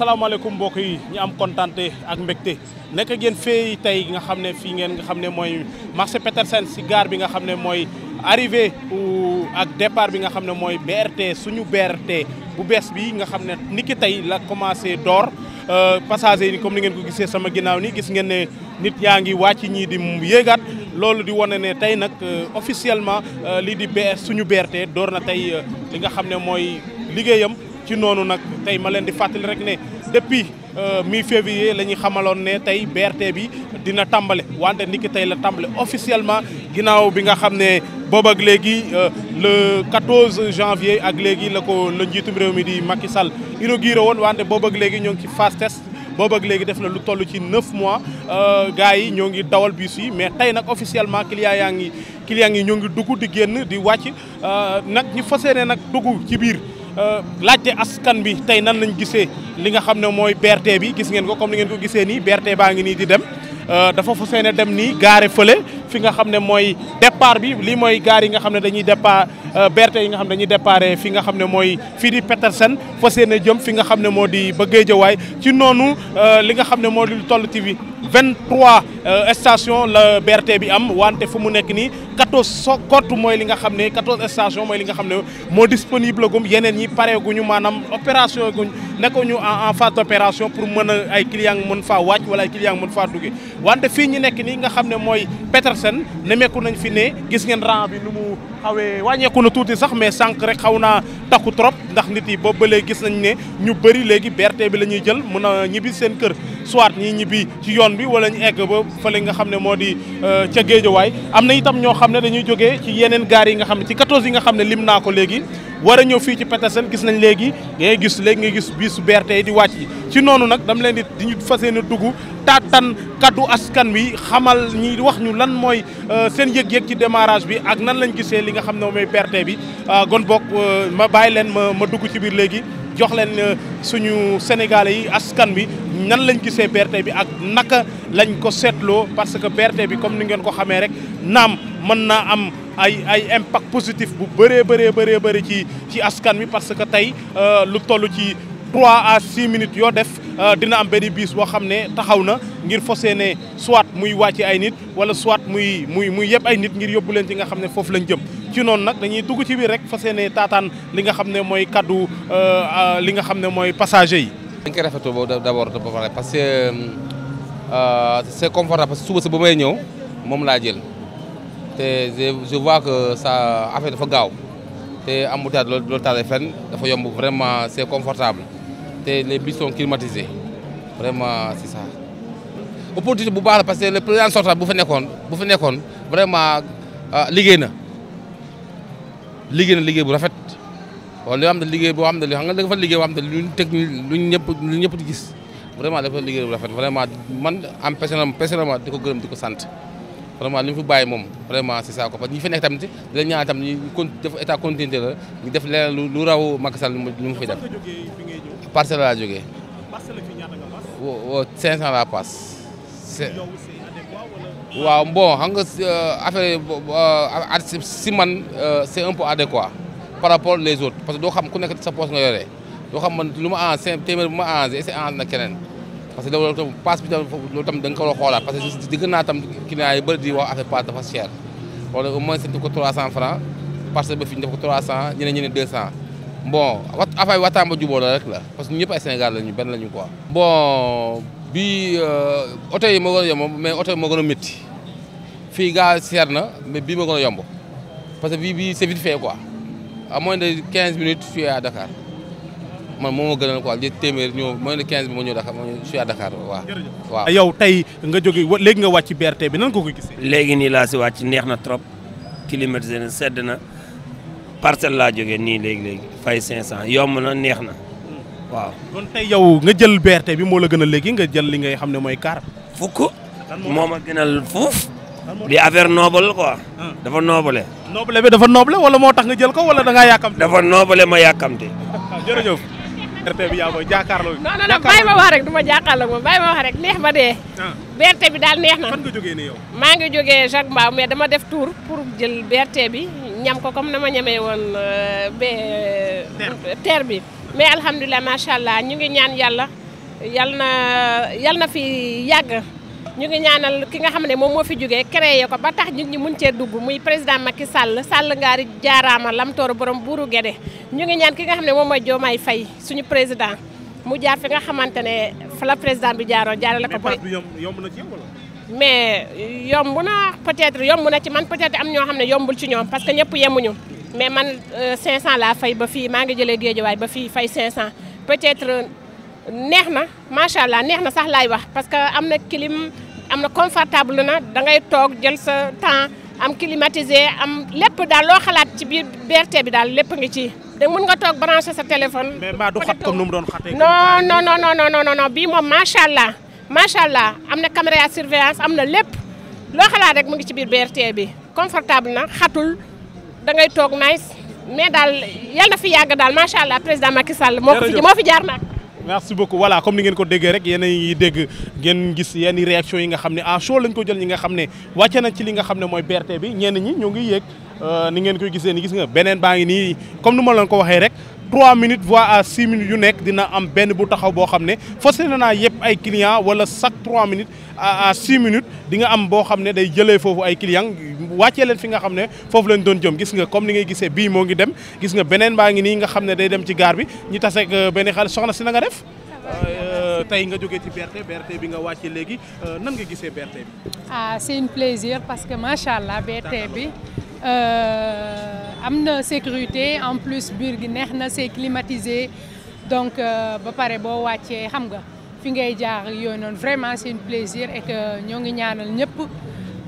asalaamaaleykum mbokk yi ñu am kontante ak mbégte nekk ngeen fii tey nga xam ne fii ngeen nga xam ne mooy marché Petersen si gare bi nga xam ne mooy arrivée ak depart bi nga xam ne mooy BRT suñu BRT bu bees bi nga xam ne niki tey la commencé door euh, passage yi comme ni ngeen ko gisee sama ginnaaw nii gis ngeen ne nit yaa ngi wàcc ñii di yéegaat loolu di wane ne tey nag euh, officiellement euh, lii di BRT suñu BRT door na tey li nga xam ne mooy liggéeyam ci noonu nag tey ma leen di fàttali rek ne depuis euh, mi février la ñuy xamaloon ne tey berte bi dina tàmbale wante niki tey la tàmbale officiellement ginnaaw bi nga xam ne boobu ak léegi euh, le 14 janvier ak léegi la ko la njiitum réew mi di sal Sall inauguré woon wante boobu ak léegi ñoo ngi ci phase test léegi def na lu toll ci 9 mois euh, gars yi ñoo ngi dawal bus yi mais tey nag officiellement clients yaa ngi clients ngi ñoo ngi dugg di génn di wàcc nag ñu fas nag dugg ci biir. Euh, laajte askan bi tey nan lañ gisee li nga xam ne mooy BRT bi gis ngeen ko comme li ngeen ko gisee nii berte baa ngi nii di dem euh, dafa fa seen dem nii gaare fële fi nga xam ne mooy départ bi lii mooy gaar yi nga xam ne dañuy départ euh, BRT yi nga xam ne dañuy départ fi nga xam ne mooy fii di Petersen fa seen jëm fi nga xam ne moo di ba Géejawaay ci noonu li nga xam ne moo di Lutte TV 23 euh, stations la berte bi am wante fu mu nekk nii 14 so kott mooy li nga xam ne 14 stations mooy li nga xam ne moo disponible gum yeneen ñi ñu maanam opération guñ nekkuñu en phase d'opération pour mën a ay clients mën faa wàcc wala ay clients mën faa duggee wante fii ñu nekk nii nga xam ne mooy Petersen nemmeeku nañ fi ne gis ngeen rang bi lu mu xawee wàññeeku na tuuti sax mais sànq rek xaw naa takku trop ndax nit yi boobu ba léegi gis nañ ne ñu bëri léegi BRT bi la ñuy jël mën a seen kër yoon bi wala ñu egg ba fële nga xam ne moo di euh, ca géejawaay am na itam ñoo xam ne dañuy jóge ci yeneen gaar yi nga xam ne ci 14 yi nga xam ne lim naa ko léegi war a ñëw fii ci Petersen gis nañ léegi ngay gis léegi ngay gis bisu BRT yi di wàcc ci noonu nag dam leen di di ñu fa yéene dugg taatan kaddu askan bi xamal ñi wax ñu lan mooy euh, seen yëg-yëg ci démarrage bi ak nan lañ gisee li nga xam ne mooy BRT bi gon euh, bokk ma bàyyi leen ma ma dugg ci biir léegi jox leen suñu Sénégalais askan bi nan lañ gisee BRT bi ak naka lañ ko seetloo parce que BRT bi comme ni ngeen ko xamee rek naam mën naa am ay ay impact positif bu bëree bëree bëree bëri ci ci askan wi parce que tey euh, lu toll ci trois à 6 minutes yoo def euh, dina am benn biis boo xam ne taxaw na ngir fosee ne soit muy wàcc ay nit wala soit muy muy muy yëpp ay nit ngir yóbbu leen ci nga xam ne foofu lañ jëm ci noonu nag dañuy dugg ci biir rek fas yéene taataan li nga xam ne mooy kaddu euh, li nga xam ne mooy passager yi. dañ koy rafetlu ba d' abord ba pare parce que euh, euh, c' est confortable parce que suba si ba may ñëw moom laa jël te je vois que dafa gaaw te embouteillage loolu loolu tardé dafa yomb vraiment c' est confortable te les bus sont climatisés vraiment c' est ça. opportunité bu baax la parce que le président sortant bu fa nekkoon bu fa nekkoon vraiment euh, liggéey na liggéey na liggéey bu rafet. wala yoo xam ne liggéey boo xam ne li xam nga dafa ñëpp lu ñëpp di gis vraiment dafa liggéey bu rafet vraiment man am personnellement personnellement di ko gërëm di ko sant vraiment li mu fi bàyyi moom vraiment c'est ça quoi parce que ñi fi nekk tamit dinañ ñaan tam ñu con def état continuité la ñu def leneen lu raw Macky Sall lu mu fi def. parcelle laa jógee. waaw 500 laa waaw bon xam nga euh, affaire yi euh, si man euh, c'est un peu adéquat. par rapport les autres parce que doo xam ku nekk sa poche nga yore doo xam man lu ma enc téeméer bu ma enc est-ce que enc na keneen parce que loolu tam passe bi tam loolu tam da nga ko war a xoolaat parce que digg naa tam client yi bëri di wax affaire passe dafa cher wala au moins seetlu ko 300 francs parce que ba fi ñu def ko 300 ñeneen ñeneen 200 bon wa affaire waxtaan ba jubóo la rek la parce que ñëpp ay Sénégal lañu benn lañu quoi. bon bi euh, oto yi moo gën a yomb mais oto yi moo gën a métti fii gaa seer na mais bii moo gën a yomb parce que bii bii c'est vite fait quoi. à moins de 15 minutes je suis à Dakar man moo ma gënal quoi li téeméer ñëw moins de 15 minutes ma ñëw Dakar ma je suis yow tey nga jóge léegi nga wàcc BRT bi nan ko ko gisee. léegi nii laa si wàcc neex na trop climatisé na sedd na parcelle laa jógee nii léegi léegi fay 500 yomb na neex na nga jël BRT bi moo la gën a léegi nga jël li ngay xam ne mooy car. fukk moo gënal fuuf. li affaire noble quoi. ko ah. noble. noble bi dafa noble wala moo tax nga jël ko wala da ngaa yàkkamti. dafa noble ma yàkkamti. Ah, jërëjëf. BRT bi yaa koy jàkkaarloo. non non non bàyyi ma wax rek du ma jàkkaarloo moom bàyyi ma wax rek neex ba dee. BRT ah. bi daal neex na. fan nga jógee yow. maa ngi jógee Jacques Mbao mais dama def tour pour jël BRT bi ñam ko comme na ma ñamee woon euh, ba. terre bi. mais alhamdulilah macha allah ñu ngi ñaan yàlla yal na yal na fi yàgg. ñu ngi ñaanal ki nga xam ne moom moo fi jógee créé ko ba tax nit ñi mun cee dugg muy président Macky Sall Sall ngaari jaaraama lamtoor borom buuru gede ñu ngi ñaan ki nga xam ne moom mooy joomay fay suñu président mu jaar fi nga xamante ne fa la président bi jaaroon jaarale ko. mais yomb na mais yomb na peut-être yomb na ci man peut am ñoo xam ne yombul ci ñoom parce que ñëpp yemuñu mais man 500 euh, laa fay ba fii maa ngi jëlee géejawaay ba fii fay 500 peut-être. neex na macha allah neex na sax laay wax parce que am na kilim am na confortable na da ngay toog jël sa temps am climatisé am lépp daal loo xalaat ci biir BRT bi daal lépp ngi ci. da mën nga toog branché sa téléphone. mais mbaa du xat comme nu mu doon xatee. non non bii moom macha allah macha allah am na caméra surveillance am na lépp loo xalaat mu ngi ci biir BRT bi confortable na xatul da ngay toog nice mais daal yal na fi yàgg daal macha allah président Macky Sall. moo fi moo fi jaar nag. merci beaucoup voilà comme ni ngeen ko déggee rek yéen dégg ngeen gis yenn réaction yi nga xam ne à ah, chaud lañ ko jël ñi nga xam ne wàcce na ci li nga xam ne mooy BRT bi ñenn ñi ñoo ngi yéeg euh, ni ngeen koy gisee ni gis nga beneen baa ngi nii comme nu ma leen ko waxee rek 3 minutes voire à 6 minutes yu nekk dina am benn bu taxaw boo xam ne fas yéene naa yëpp ay clients wala chaque 3 minutes à 6 minutes di nga am boo xam ne day jëlee foofu ay clients wàccee leen fi nga xam ne foofu leen doon jëm gis nga comme ni ngay gisee bii moo ngi dem gis nga beneen baa ngi nii nga xam ne day dem ci gaar bi ñu taseeg euh, benn xale soxna si na nga def. Euh, tey nga jógee ci BRT BRT bi nga wàcce léegi euh, nan nga gisee BRT bi. ah c'est un plaisir parce que macha allah BRT bi euh, am na sécurité en plus biir gi neex na c'est climatisé donc ba pare boo wàccee xam nga fi ngay jaar yooyu noonu vraiment c'est un plaisir et que ñoo ngi ñaanal ñëpp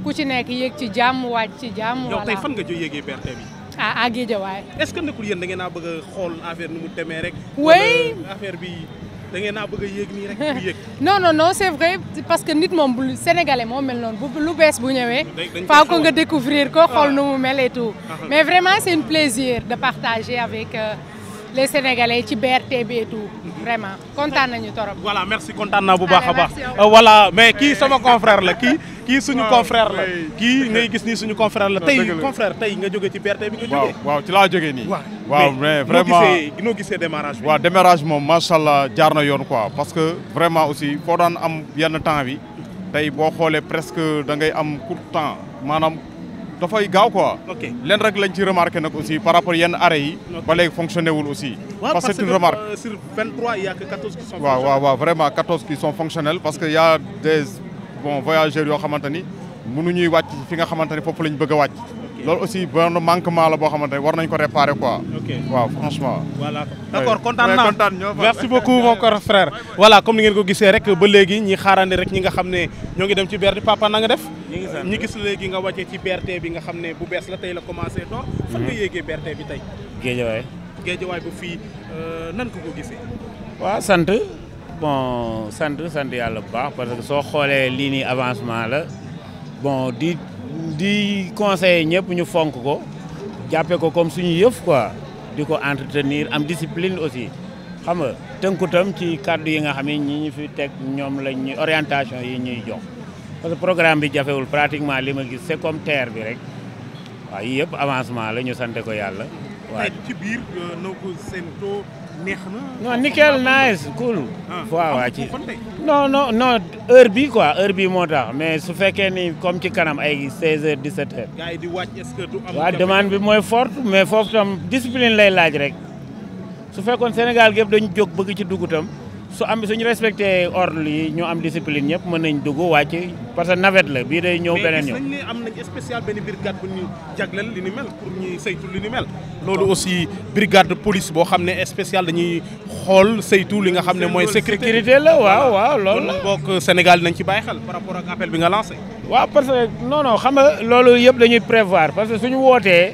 ku ci nekk yéeg ci jàmm wàcc ci jàmm. voilà yow tey fan nga yéegee BRT bi. ah ah Guédiawaye. est-ce que nekkul yéen da ngeen a bëgg xool affaire nu mu demee rek. oui affaire bi. da ngeen naa a yéeg nii rek yéeg non non non c'est vrai parce que nit moom bu sénégalais moo mel noonu bu lu bees bu ñëwee faaw ko nga découvrir ko xool ah. nu mu mel et ah. mais vraiment c'est un plaisir de partager avec euh, les sénégalais ci BRT bi vraiment kontaan nañu torop voilà merci kontaan naa bu baax a baax wala euh, mais kii sama confrère la kii kii suñu confrère la kii ngay gis nii suñu confrère la tey confrère tey nga jógee ci BRT bi nga jógee waaw ci laa jógee nii waaw mais vraiment noo gisee démarrage bi waaw démarrage moom macha allah jaar na yoon quoi parce que vraiment aussi foo daan am yenn temps bi tey boo xoolee presque da ngay am court temps maanaam dafay gaaw quoi. ok leen rek lañ ci remarqué nag aussi par rapport yenn arrêt yi. ba léegi fonctionné wul aussi. parce que c'est une remarque euh, sur parce que y bon voyageurs yoo xamante ni mënuñuy wàcc fi nga xamante ni foofu lañ bëgg a wàcc. loolu aussi benn manquement la boo xamante war nañ ko réparer quoi. waaw franchement. voilà d' ba léegi ñi xaarandi rek ñi nga xam ne ñoo ngi dem ci BRT papa na nga def. ñi gis léegi nga wàccee ci bi nga xam ne bu bees la tey la commencé mhm. bi tey. géejawaay. géejawaay bu fii euh, nan ko ko bon sant sant yàlla bu baax parce que soo xoolee lii nii avancement la bon di di conseiller ñëpp ñu fonk ko jàppee ko comme suñu yëf quoi di ko entretenir am discipline aussi xam nga tënku ci kàddu yi nga xam ne ñi fi teg ñoom lañ ñuy orientation yi ñuy jox parce programme bi jafewul pratiquement li ma gis c'est comme bi rek waa yii yëpp avancement la ñu sante ko yàlla. waaw ci biir euh, noo ko séentoo neex na non nickel nice cool. Ah, waaw waaw ci non non quoi heure bi moo tax mais su fekkee ni comme ci kanam ay 16 heures di wàcc est-ce demande bi mooy fort mais foofu tam discipline lay laaj rek su fekkoon Sénégal gépp dañu jóg bëgg ci dugutam su am suñu respecté ordre yi ñu am discipline ñëpp mën nañ dugg wàcc parce que navette la bii day ñëw beneen ñëw mais am nañ spécial benn ni mel pour li ni mel. loolu aussi brigade police boo xam ne spécial dañuy xool saytu li nga xam ne mooy. sécurité la waaw waaw loolu book bokk euh, Sénégal nañ ci bàyyi xel par rapport ak appel bi nga lancé. waaw parce que non non xam nga loolu yëpp dañuy prévoir parce que suñu wootee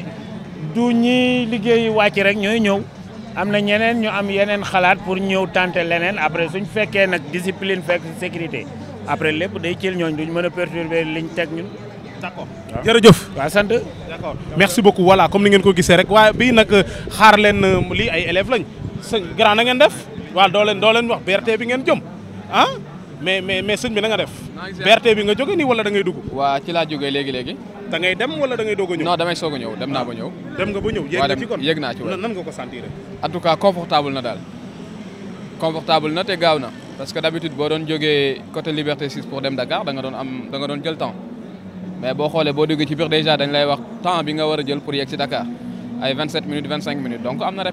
du ñi liggéey wàcc rek ñooy ñëw. am na ñeneen ñu am yeneen xalaat pour ñëw tenter leneen après suñ fekkee nag discipline fekk sécurité après lépp day cil ñooñ duñ mën a perturber liñ teg ñun d'accord jërëjëf waaw sant d'accord merci beaucoup voilà comme ni ngeen ko gisee rek waaye bii nag euh, xaar leen euh, lii ay élèves lañ sëñ grand na ngeen def waa dooleen leen doo leen wax BRT bi ngeen jëm ah mais mais mais sëñ bi na nga def. BRT bi nga jóge nii wala da ngay dugg. waa ci laa jógee léegi léegi. da dem wala da ngay doog a ñëw. non damay dem naa ba ñëw. dem nga ba ñëw yéeg nga ci kon yéeg naa ci nan nga ko sentir. en a cas confortable na daal confortable na te gaaw na parce que d'habitude boo doon jógee côté Liberté 6 pour dem Dakar da nga doon am da nga doon jël temps mais boo xoolee boo duggee ci biir déjà dañ lay wax temps bi nga war a jël pour yegg ci Dakar ay 27 minutes 25 minutes donc am na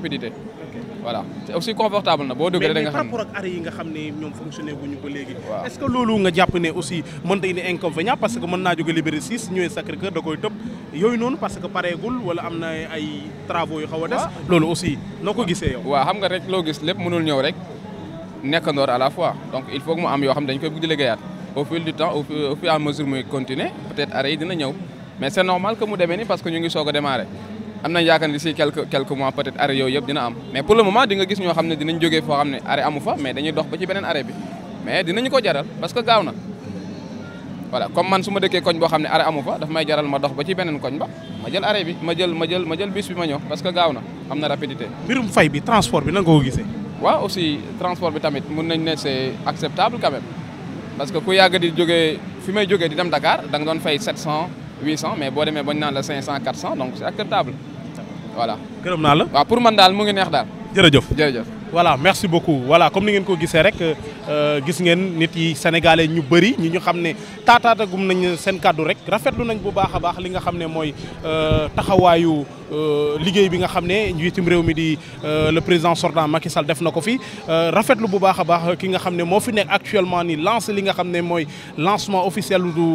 voilà te aussi confortable na boo dëggee da nga xam mais par rapport ak arrêt yi nga xam ne ñoom fonctionné gu ñu ba léegi. waaw est loolu nga jàpp ne aussi mën na indi inconvénient parce que mën naa jóge Liberté 6 ñëwee Sacré-Cœur da tëb yooyu noonu parce que pareegul wala am na ay travaux yu a des. loolu aussi noo ko gisee yow. waaw xam nga rek loo gis lépp mënul ñëw rek nekkandoor à la fois donc il faut que mu am yoo xam dañ koy bëgg di liggéeyaat au fil du temps au fur et à muy ni parce que am na yaakaar ne d'ici quelques quelques mois peut-être arrêt yooyu yëpp dina am mais pour le moment di nga gis ñoo xam ne dinañ jógee foo xam ne arrêt amu fa mais dañuy dox ba ci beneen arrêt bi mais dinañu ko jaral parce que gaaw na voilà comme man su ma dëkkee koñ boo xam ne arrêt amu fa daf may jaral ma dox ba ci beneen koñ ba ma jël arrêt ma jël ma jël ma jël bus bi ma ñëw parce que gaaw na am na rapidité. mbirum fay bi transport bi nan ko gisee. waaw aussi transport tamit mun nañ ne c'est acceptable quand même parce que ku yàgg di jógee fi may jógee di dem Dakar da nga doon fay 700 800 mais boo demee bañ naan la 500 voilà gërëm naa la waaw pour man daal mu ngi neex daal jërëjëf jërëjëf voilà merci beaucoup voilà comme ni ngeen ko gisee rek euh, gis ngeen nit yi sénégalais ñu bëri ñu ñu xam ne taataatagum nañ seen kàddu rek rafetlu nañ bu baax a baax li nga xam ne mooy euh, taxawaayu euh, liggéey bi nga xam ne njiitum réew mi di le président sortant Macky Sall def na ko fi rafetlu bu baax a baax ki nga xam ne moo fi nekk actuellement nii lancé li nga xam ne mooy lancement officiel du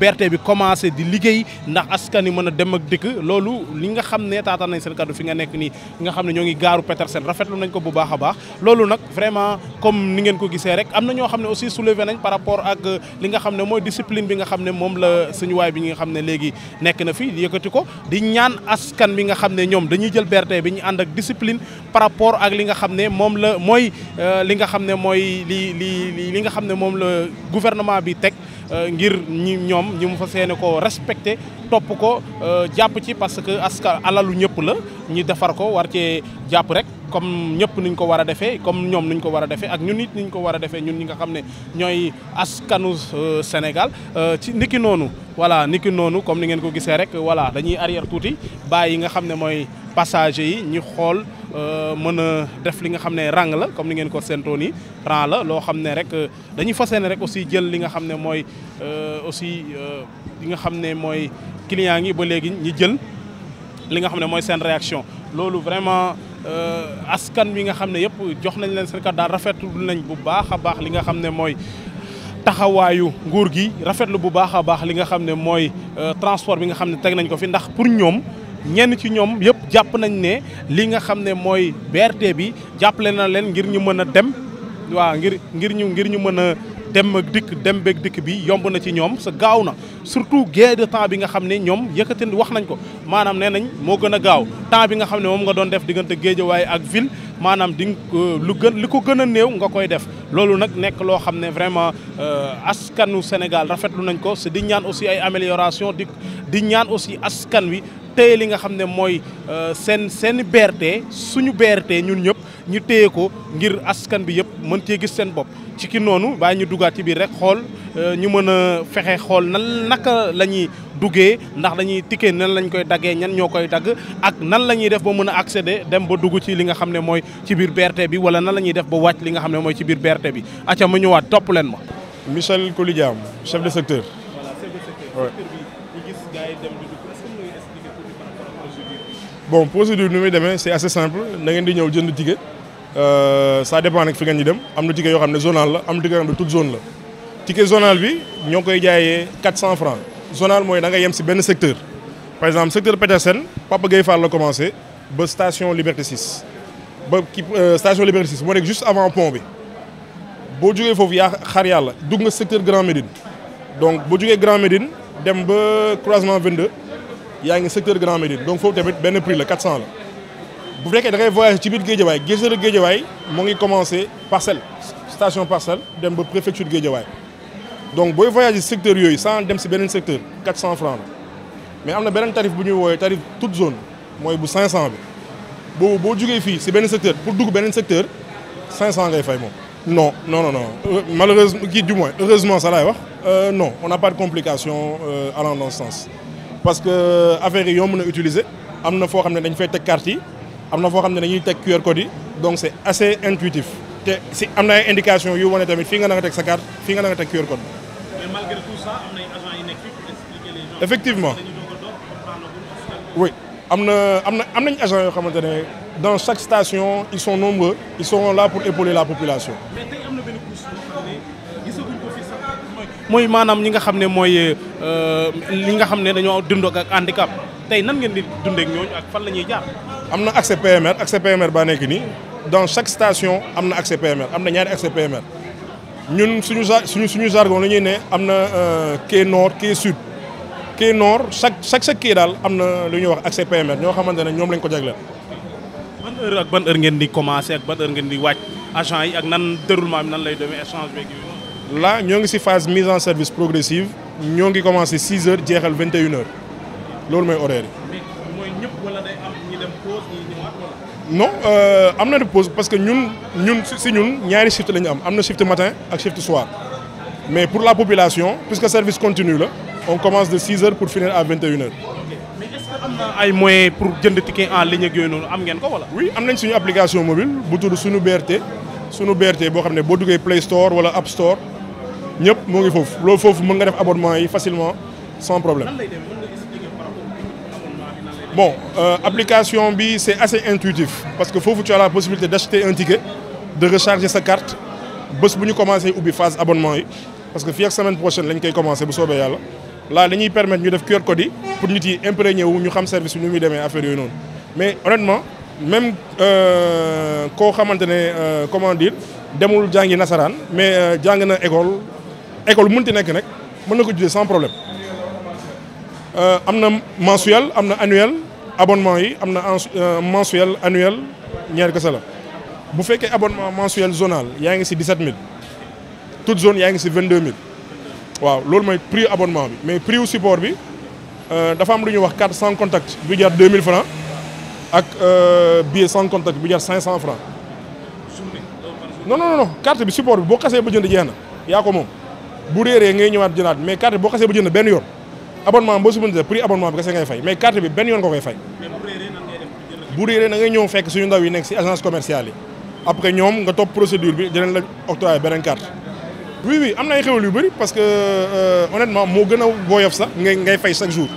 BRT bi commencé di liggéey ndax askan yi mën a dem ak dikk loolu li nga xam ne taataan nañ seen kàddu fi nga nekk nii nga xam ne ñoo ngi gaaru Petersen rafetlu nañ ko bu baax a baax loolu nag vraiment comme ni ngeen ko gisee rek am na ñoo xam ne aussi soulevé nañ par rapport ak li nga xam ne mooy discipline bi nga xam ne moom la suñu waay bi nga xam ne léegi nekk na fi yëkkati ko di ñaan askan bi nga xam ne ñoom dañuy jël berte bi ñu ànd ak discipline par rapport ak li nga xam ne moom la mooy euh, li nga xam ne mooy li li li nga xam ne moom la gouvernement bi teg Euh, ngir ñi ñoom ñu mu fas yéene ko respecté topp ko euh, jàpp ci parce que aska alalu ñëpp la ñi defar ko war cee jàpp rek comme ñëpp niñ ko war a defee comme ñoom niñ ko war a defee ak ñun it niñ ko war a defee ñun ñi nga xam ne ñooy askanu euh, Sénégal ci niki noonu voilà niki noonu comme ni ngeen ko gisee rek voilà dañuy arrière tuuti baa yi nga xam ne mooy passager yi ñu xool Euh, mën a def li nga xam ne rang la comme ni ngeen ko séentoo nii rang la loo xam ne rek euh, dañuy fas yéene rek aussi jël li nga xam ne mooy euh, aussi li nga xam ne mooy client yi ba léegi ñi jël li nga xam ne mooy seen réaction loolu vraiment askan wi nga xam ne yëpp jox nañ leen seen kàddu daal rafetlu nañ bu baax a baax li nga xam ne mooy taxawaayu nguur gi rafetlu bu baax a baax li nga xam ne mooy transport bi nga xam ne teg nañ ko fi ndax pour ñoom ñenn ci ñoom yëpp jàpp nañ ne li nga xam ne mooy berte bi jàppale na leen ngir ñu mën a dem waaw ngir ngir ñu ngir ñu mën a dem ak dikk dem beeg dikk bi yomb na ci ñoom sa gaaw na surtout gain de temps bi nga xam ne ñoom yëkkati wax nañ ko maanaam nee nañ moo gën a gaaw temps bi nga xam ne moom nga doon def diggante Guédiawaye ak ville maanaam di lu gën li ko gën a néew nga koy def loolu nag nekk loo xam ne vraiment euh, askanu Sénégal rafetlu nañ ko c'est di ñaan aussi ay amélioration di di ñaan aussi askan wi téye li nga xam ne mooy euh, seen seen beerte suñu BRT ñun ñëpp ñu téye ko ngir askan bi yëpp mën cee gis seen bopp ci ki noonu bàyyi ñu dugaat ci biir rek xool euh, ñu mën a fexe xool nan naka la ñuy duggee ndax dañuy tikkee nan lañ koy daggee ñan ñoo koy dagg ak nan la ñuy def ba mën a accéder dem ba dugg ci li nga xam ne mooy ci biir BRT bi wala nan la ñuy def ba wàcc li nga xam ne mooy ci biir BRT bi acca ma ñëwaat topp leen ma. Michel Koulidiam chef de secteur. voilà bon procédure ni muy demee c'est assez simple da ngeen di ñëw jënd ticket euh, ça dépend nag fi ngeen ñu dem am na ticket yoo xam ne zonal la am na ticket yoo xam ne toute zone la ticket zonal bi ñoo koy jaayee 400 zonal mooy da nga yem si benn secteur par exemple secteur Petersen Papa Gueye Fall la commencé ba station Liberté 6 ba ki euh, station Liberté 6 moo nekk juste avant pont bi boo jugee foofu yaa xar yàlla dugg nga secteur Grand Médine donc boo jógee Grand Médine dem ba croisement 22. yaa ngi secteur Grand Médine donc foofu tamit benn prix la 400 la bu fekkee da ngay voyagé ci biir Géejawaay géejawaay Géejawaay moo ngi commencé parcelle station parcelle dem ba préfecture Géejawaay donc booy voyagé secteur yooyu sans dem si beneen secteur 400 francs la mais am na beneen tarif bu ñuy woowee tarif toute zone mooy bu 500 bi boobu boo jugee fii si benn secteur pour dugg beneen secteur 500 ngay fay moom. non non non non euh, malheureusement kii du moins heureusement ça laay wax euh, non on n'a pas de complication euh, allant dans parce que euh, affaire yi yomb na utiliser am na foo xam ne dañ fay teg carte am na foo xam ne dañuy teg QR code donc c' est assez intuitif te si am na indication yu wane tamit fii nga na nga teg sa carte fii nga na teg QR code fii pour expliquer les gens effectivement oui am na am na am nañ agents yoo xamante ne dans chaque station ils sont nombreux ils seront la pour épauler la population mooy maanaam ñi nga xam ne mooy euh, li nga xam ne dañoo dund ak handicap tey nan ngeen di dundee ak ñooñu ak fan la ñuy jaar. am na accès PMR accès nii dans chaque station am na accès am na ñaari accès PMR ñun suñu ja suñu suñu jargon la ñuy ne am na euh, quai noor quai sud. quai noor chaque chaque chaque quai daal am na lu ñuy wax accès PMR ñoo xamante ne ñoom lañ ko jagleel. ban heure ak ban heure ngeen di commencé ak ban heure ngeen di wàcc agent yi ak nan déroulement bi nan lay demee échange beeg laa ñoo ngi ci phase mise en service progressive ñoo ngi commencé 6 heures jeexal 21 heures loolu mooy horaire yi. mooy non euh, am na de pause parce que ñun ñun ci ñun ñaari shift la ñu am am na shift matin ak shift soir mais pour la population puisque service continu la on commence de 6 heures pour finir à 21 heures. am na ay moyens pour jënd ticket en ligne ak yooyu noonu am ngeen ko wala. am nañ suñu application mobile bu tudd suñu BRT suñu BRT boo xam ne boo duggee p Store wala App Store ñëpp moo ngi foofu loolu foofu mun nga def abonnement yi facilement sans problème bon euh, application bi c'est assez intuitif parce que foofu tu as la possibilité d'acheter un ticket de recharger sa carte bés bu ñu commencé ubbi phase abonnement yi parce que fii ak semaine prochaine lañ koy commencé bu soobee yàlla laa dañuy permettre ñu def QR code yi pour nit yi imprégné wu ñu xam service bi nu muy demee affaire yooyu noonu mais honnêtement même euh, koo xamante ne euh, comment dire demul jàngi nasaraan mais euh, jàng na école école mun mënti nekk nag mën na ko judee sans problème euh, am na mensuel am na annuel abonnement yi am na euh, mensuel annuel ñaar kese la bu fekkee abonnement mensuel zonal yaa ngi si 17000 toute zone yaa ngi si vingt mille waaw loolu mooy prix abonnement bi mais prix wu support bi euh, dafa am lu ñuy wax carte sans contact bu jar 2000 francs ak billet sans contact bu jar 500 francs non non non carte bi support bi boo xasee ba jënd jeex na yaa ko moom. bu réeree ngay ñëwaat jëlaat mais carte bi boo xasee ba jënd benn yoon abonnement boo subventionné prix abonnement bi kese ngay fay mais carte bi benn yoon nga koy fay. bu réeree na ngay ñëw fekk suñu ndaw yi nekk si agence commerciale yi après ñoom nga topp procédure bi dinañ la octroyer beneen carte. oui oui am na ay xéwal yu bëri parce que euh, honnêtement moo gën a woyof sax ngay ngay fay chaque jour.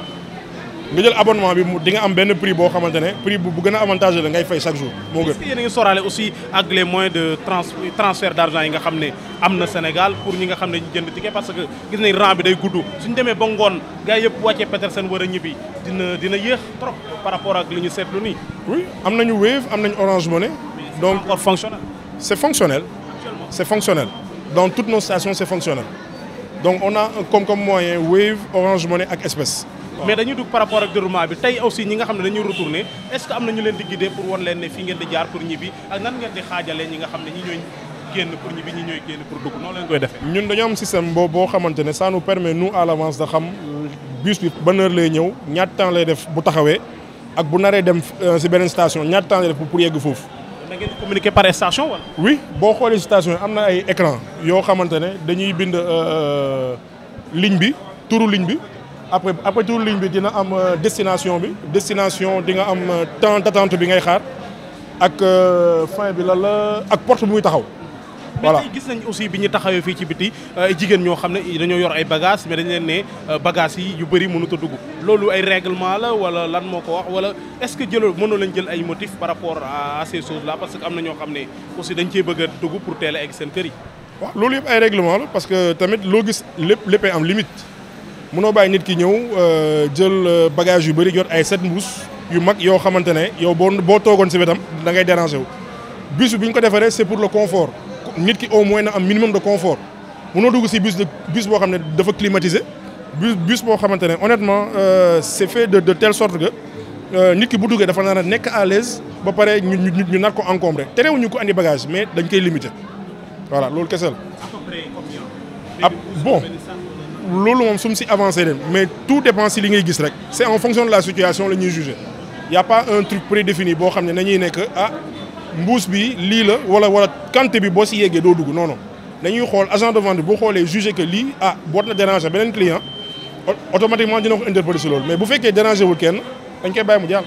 nga jël abonnement bi di nga am benn prix boo xamante ne prix bu gën a avantage la ngay fay chaque jour moo gën. est-ce que yéen a ngi soraale aussi ak les moyens de trans transfert d'argent yi nga xam ne am na Sénégal pour ñi nga xam ne ñu jënd ticket parce que gis nañ rang bi day gudd suñ demee ba ngoon gars yëpp wàccee Petersen war a ñibbi dina dina yéex par rapport ak li ñu seetlu nii. oui am nañu Wave am nañu Orange Money. donc encore fonctionnel. c'est fonctionnel. c'est fonctionnel dans toutes nos stations c'est fonctionnel donc on a comme comme moyen Wave Orange ak espèce. mais dañuy dugg par rapport ak déroulement bi tey aussi ñi nga xam ne dañuy retourner est am na ñu leen di pour wan leen fii ngeen di jaar pour ñibbi ak nan ngeen di xaajalee ñi nga xam ne ñi ñooy génn pour ñibbi ñi ñooy génn pour dugg noonu leen koy defee. ñun dañoo am système boobu boo xamante ne ça nous permet nous à l'avance da xam bus bi ba heure lay ñëw ñaata temps lay def bu taxawee ak bu naree dem ci euh, beneen station ñaata temps lay def yegg foofu. da par station boo xoolee station yi am na ay écran yoo xamante ne dañuy bind euh, ligne bi turu ligne bi. après après tour ligne bi dina am euh, destination bi destination di nga am euh, temps d'attente bi ngay xaar ak euh, fin bi lan la ak port bu muy taxaw. voilà mais gis nañ aussi bi ñu taxawee fii ci biti jigéen ñoo xam ne dañoo yor ay bagages mais dañ leen ne bagages yi yu bëri mënut a dugg loolu ay règlement la wala lan moo ko wax wala est-ce que jëloo mënoo lañ jël ay motif par rapport à ces choses là parce que am na ñoo xam ne aussi dañ cee bëgg a dugg pour teel a egg loolu yëpp ay règlement la parce que tamit loo gis lépp léppay am limite. mënoo bàyyi nit ki ñëw euh, jël euh, bagage yu bëri jot ay set mbuus yu mag yoo xamante ne yow boo boo toogoon si wetam da ngay déranger wu. bus bi ñu ko defaree c'est pour le confort nit ki au moins na am minimum de confort mënoo dugg si bus de boo xam ne dafa climatisé bus bus boo xamante ne honnêtement euh, c'est fait de de telle sorte nit ki bu duggee dafa nar a nekk à l'aise ba pare ñu ñu ñu nar ko encombré ñu ko andi bagage mais dañ koy limité voilà loolu kese la. loolu moom suñu si avancé leen mais tout dépend si li ngay gis rek c'est en fonction de la situation la ñuy juger y a pas un truc prédéfini boo xam ne nañuy nekk ah mbuus bi lii la wala wala quantité bi boo si yeggee doo dugg non non dañuy xool agent de vente boo xoolee juger que lii ah boo na déranger beneen client automatiquement dina ko interpeller si loolu mais bu fekkee déranger wul kenn dañ koy bàyyi mu jàll.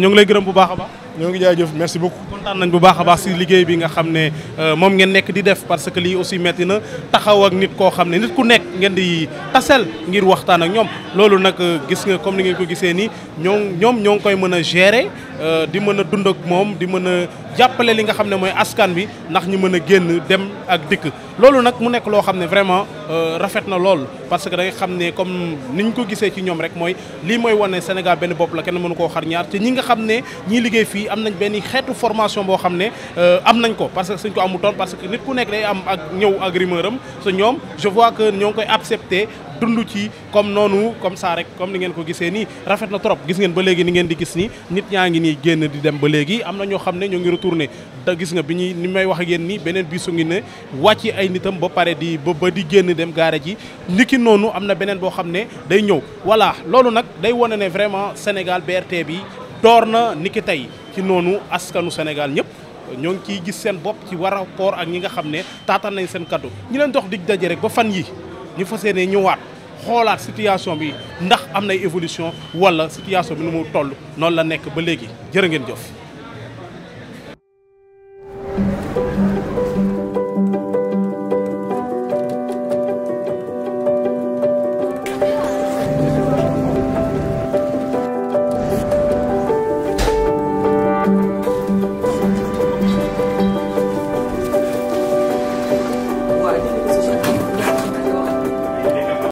ngi lay gërëm bu baax a ñoo ngi jëf merci beaucoup. kontaan nañ bu baax a baax si liggéey bi nga xam ne euh, moom ngeen nekk di def parce que lii aussi metti na taxaw ak nit koo xam ne nit ku nekk ngeen di tasel ngir waxtaan ak ñoom loolu nag euh, gis nga comme ni ngeen ko gisee nii ñoo ñoom ñoo ngi koy mën a gérer euh, di mën a dund ak moom di mën a jàppale li nga xam ne mooy askan bi ndax ñu mën a génn dem ak dikk loolu nag mu nekk loo xam ne vraiment rafet na lool parce que da xam ne comme ni ñu ko gisee ci ñoom rek mooy lii mooy wane senegal benn bopp la kenn mënu koo xar ñaar te ñi nga xam ne ñiy liggéey fii fii am nañ benn xeetu formation boo xam ne euh, am nañ ko parce que suñ ko amutoon parce que nit ku nekk day am ak ñëw ak rumeur am ñoom je vois que ñoo ngi koy accepté dundu ci comme noonu comme ça rek comme ni ngeen ko gisee nii rafet na trop gis ba léegi ni ngeen gis nii nit ñaa ngi nii génn di dem ba léegi am na ñoo xam ne ñoo ngi retourné da gis nga bi ñuy ni may wax ak yéen nii beneen bi su ngi ne wàcc ay nitam ba pare di ba ba di génn dem gaare ji ki noonu am na beneen boo xam ne day ñëw voilà loolu nag day wane ne vraiment Sénégal BRT bi door na niki tey ci noonu askanu Sénégal ñëpp ñoo ngi ciy gis seen bopp ci war a poor ak ñi nga xam ne taataan nañu seen kaddu ñi leen dox di daje rek ba fan yi ñi fas yéenee ñëwaat xoolaat situation bi ndax am nay évolution wala situation bi nu mu toll noonu la nekk ba léegi jërë ngeen jëf.